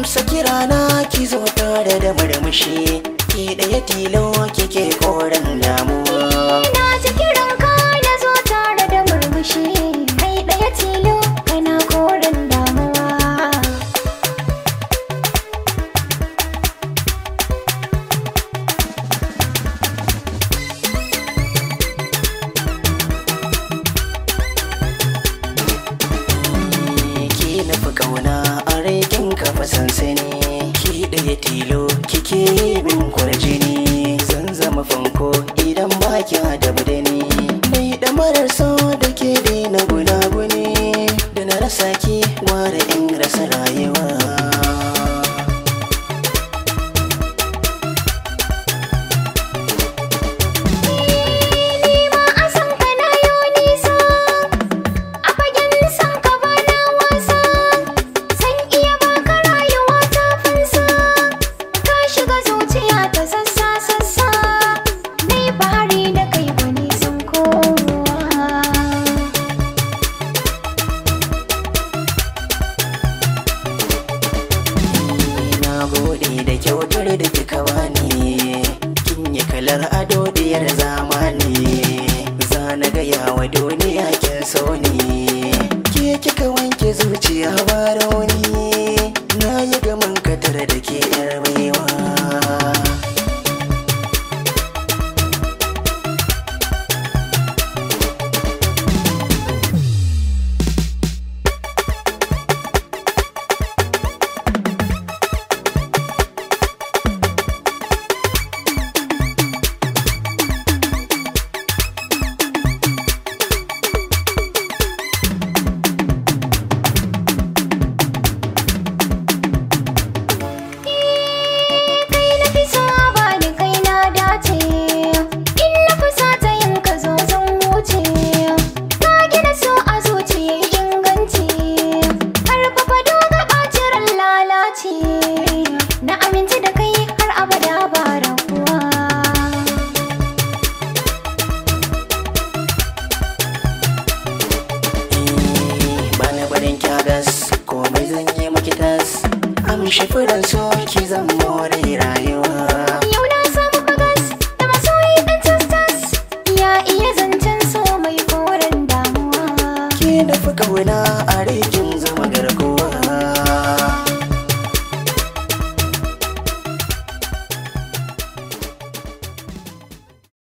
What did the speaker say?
amsa na ki zo tare da murmushi ki ɗaya tilo kike koren damu kafa sansani ki ɗaya tilo kike yi min kwarjini zan zama fanko idan ba ki adabu da ni mai ɗamarar so da ke daina gunaguni da na rasa ki ware in rasa rayuwa ado da kika bani kin yi kalar ado diyar zamani zana gaya wa duniya kin so ni ke kika wanke zuciya ba rauni na yi gaman katar da ke yar na aminci da kai har abada ba da kuwa. Eh, bana barin kyadas komai zan yi maki amshi furan so ki zan more rayuwa yau na samu bagas da masoyi dan tas ya iya zancen so mai koren damuwa ke da fi kauna a rigin